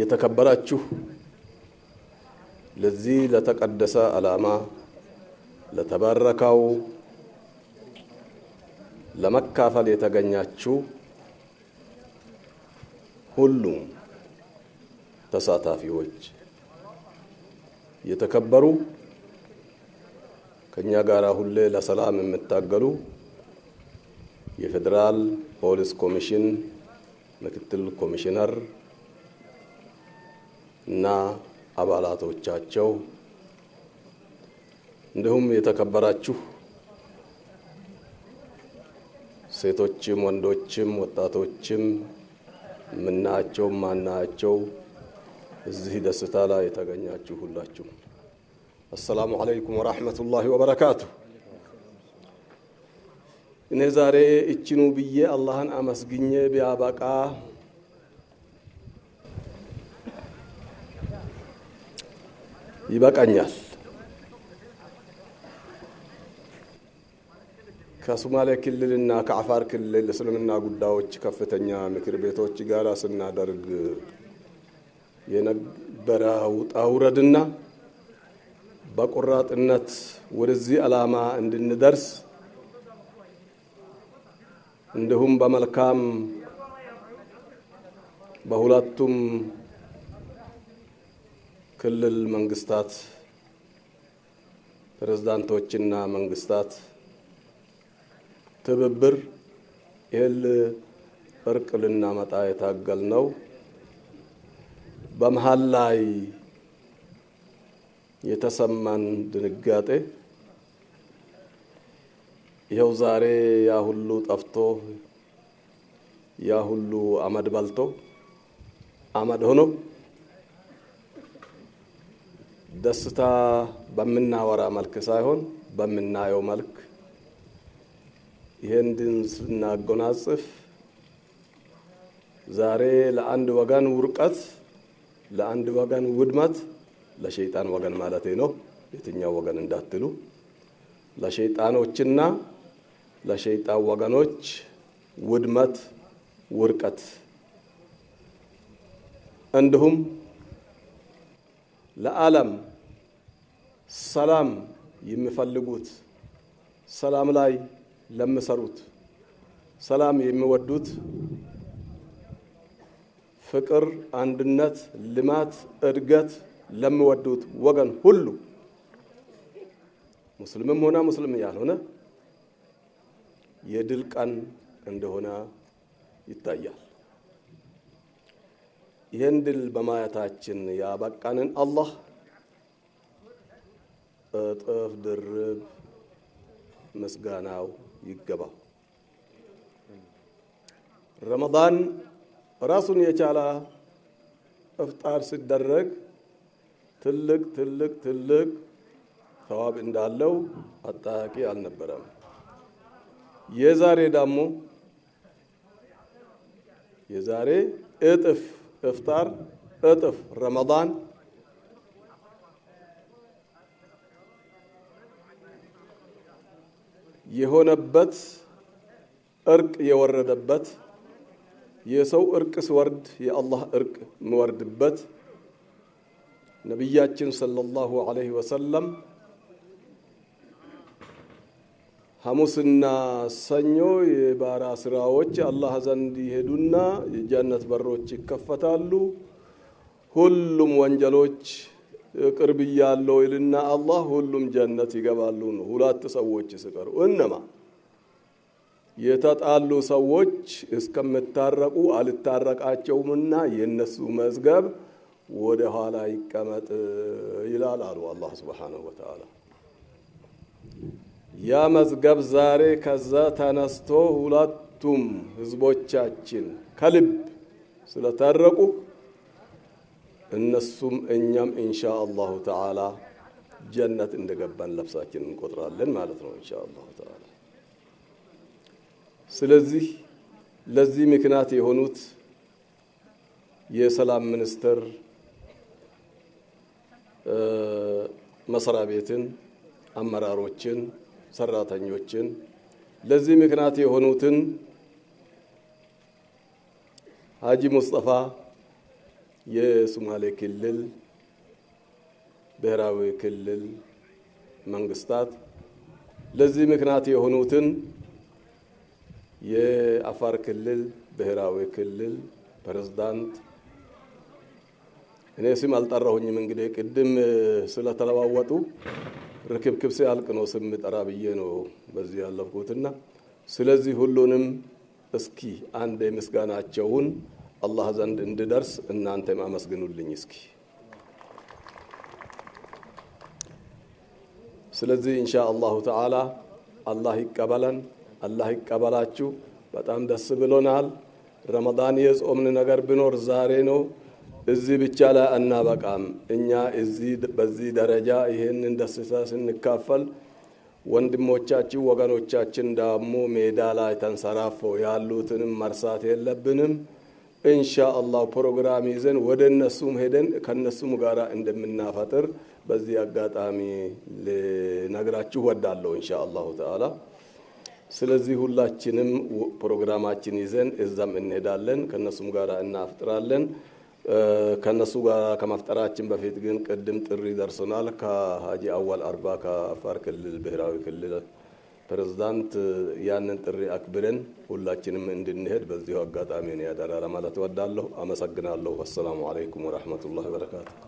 የተከበራችሁ ለዚህ ለተቀደሰ ዓላማ ለተባረከው ለመካፈል የተገኛችሁ ሁሉም ተሳታፊዎች የተከበሩ ከኛ ጋር ሁሌ ለሰላም የምታገሉ የፌዴራል ፖሊስ ኮሚሽን ምክትል ኮሚሽነር እና አባላቶቻቸው እንዲሁም የተከበራችሁ ሴቶችም ወንዶችም ወጣቶችም ምናቸው ማናቸው እዚህ ደስታ ላይ የተገኛችሁ ሁላችሁ አሰላሙ አለይኩም ወራህመቱላሂ ወበረካቱ። እኔ ዛሬ እችኑ ብዬ አላህን አመስግኜ ቢያበቃ ይበቃኛል። ከሶማሌ ክልልና ከአፋር ክልል እስልምና ጉዳዮች ከፍተኛ ምክር ቤቶች ጋር ስናደርግ የነበረ ውጣ ውረድና በቆራጥነት ወደዚህ ዓላማ እንድንደርስ እንዲሁም በመልካም በሁለቱም ክልል መንግስታት ፕሬዝዳንቶችና መንግስታት ትብብር ይህል እርቅ ልናመጣ የታገል ነው። በመሀል ላይ የተሰማን ድንጋጤ ይኸው ዛሬ ያ ሁሉ ጠፍቶ ያ ሁሉ አመድ በልቶ አመድ ሆኖ ደስታ በምናወራ መልክ ሳይሆን በምናየው መልክ ይህን ስናጎናጽፍ ዛሬ ለአንድ ወገን ውርቀት፣ ለአንድ ወገን ውድመት፣ ለሸይጣን ወገን ማለቴ ነው። የትኛው ወገን እንዳትሉ፣ ለሸይጣኖችና ለሸይጣን ወገኖች ውድመት፣ ውርቀት እንዲሁም ለዓለም ሰላም የሚፈልጉት ሰላም ላይ ለሚሰሩት ሰላም የሚወዱት ፍቅር፣ አንድነት፣ ልማት፣ እድገት ለሚወዱት ወገን ሁሉ ሙስሊምም ሆነ ሙስሊም ያልሆነ የድል ቀን እንደሆነ ይታያል። ይህን ድል በማየታችን ያበቃንን አላህ እጥፍ ድርብ ምስጋናው ይገባው። ረመዳን ራሱን የቻለ እፍጣር ሲደረግ ትልቅ ትልቅ ትልቅ ተዋብ እንዳለው አጠያቂ አልነበረም። የዛሬ ደግሞ የዛሬ እጥፍ افطار اطف رمضان يهون يهونبت ارك يوردبت يسو ارك سورد يا الله ارك مورد موردبت نبياتين صلى الله عليه وسلم ሐሙስና ሰኞ የባራ ስራዎች አላህ ዘንድ ይሄዱና የጀነት በሮች ይከፈታሉ። ሁሉም ወንጀሎች ቅርብ እያለው ይልና አላህ ሁሉም ጀነት ይገባሉ ነው። ሁለት ሰዎች ሲቀሩ እነማ የተጣሉ ሰዎች እስከምታረቁ አልታረቃቸውምና የነሱ መዝገብ ወደ ኋላ ይቀመጥ ይላል አሉ አላህ ሱብሓነሁ ወተዓላ። ያ መዝገብ ዛሬ ከዛ ተነስቶ ሁለቱም ህዝቦቻችን ከልብ ስለታረቁ እነሱም እኛም ኢንሻ አላሁ ተዓላ ጀነት እንደገባን ለብሳችን እንቆጥራለን ማለት ነው ኢንሻ አላሁ ተዓላ። ስለዚህ ለዚህ ምክንያት የሆኑት የሰላም ሚኒስቴር መስሪያ ቤትን አመራሮችን ሰራተኞችን ለዚህ ምክንያት የሆኑትን ሀጂ ሙስጠፋ የሶማሌ ክልል ብሔራዊ ክልል መንግስታት ለዚህ ምክንያት የሆኑትን የአፋር ክልል ብሔራዊ ክልል ፕሬዝዳንት እኔ ስም አልጠራሁኝም። እንግዲህ ቅድም ስለተለዋወጡ ርክብክብ ሲያልቅ ነው ስም ጠራ ብዬ ነው በዚህ ያለፍኩትና፣ ስለዚህ ሁሉንም እስኪ አንድ ምስጋናቸውን አላህ ዘንድ እንድደርስ እናንተም አመስግኑልኝ እስኪ። ስለዚህ እንሻ አላሁ ተዓላ አላህ ይቀበለን፣ አላህ ይቀበላችሁ። በጣም ደስ ብሎናል። ረመዳን የጾምን ነገር ብኖር ዛሬ ነው። እዚህ ብቻ ላይ አናበቃም። እኛ እዚህ በዚህ ደረጃ ይህንን ደስታ ስንካፈል ወንድሞቻችን ወገኖቻችን ዳሞ ሜዳ ላይ ተንሰራፈው ያሉትንም መርሳት የለብንም። ኢንሻ አላህ ፕሮግራም ይዘን ወደ እነሱም ሄደን ከነሱም ጋር እንደምናፈጥር በዚህ አጋጣሚ ልነግራችሁ ወዳለሁ ኢንሻ አላሁ ተዓላ። ስለዚህ ሁላችንም ፕሮግራማችን ይዘን እዛም እንሄዳለን፣ ከነሱም ጋር እናፍጥራለን። ከነሱ ጋር ከመፍጠራችን በፊት ግን ቅድም ጥሪ ደርሶናል። ከሀጂ አዋል አርባ ከአፋር ክልል ብሔራዊ ክልል ፕሬዝዳንት ያንን ጥሪ አክብረን ሁላችንም እንድንሄድ በዚሁ አጋጣሚ ያደራ ለማለት እወዳለሁ። አመሰግናለሁ። አሰላሙ አለይኩም ወረህመቱላህ በረካቱ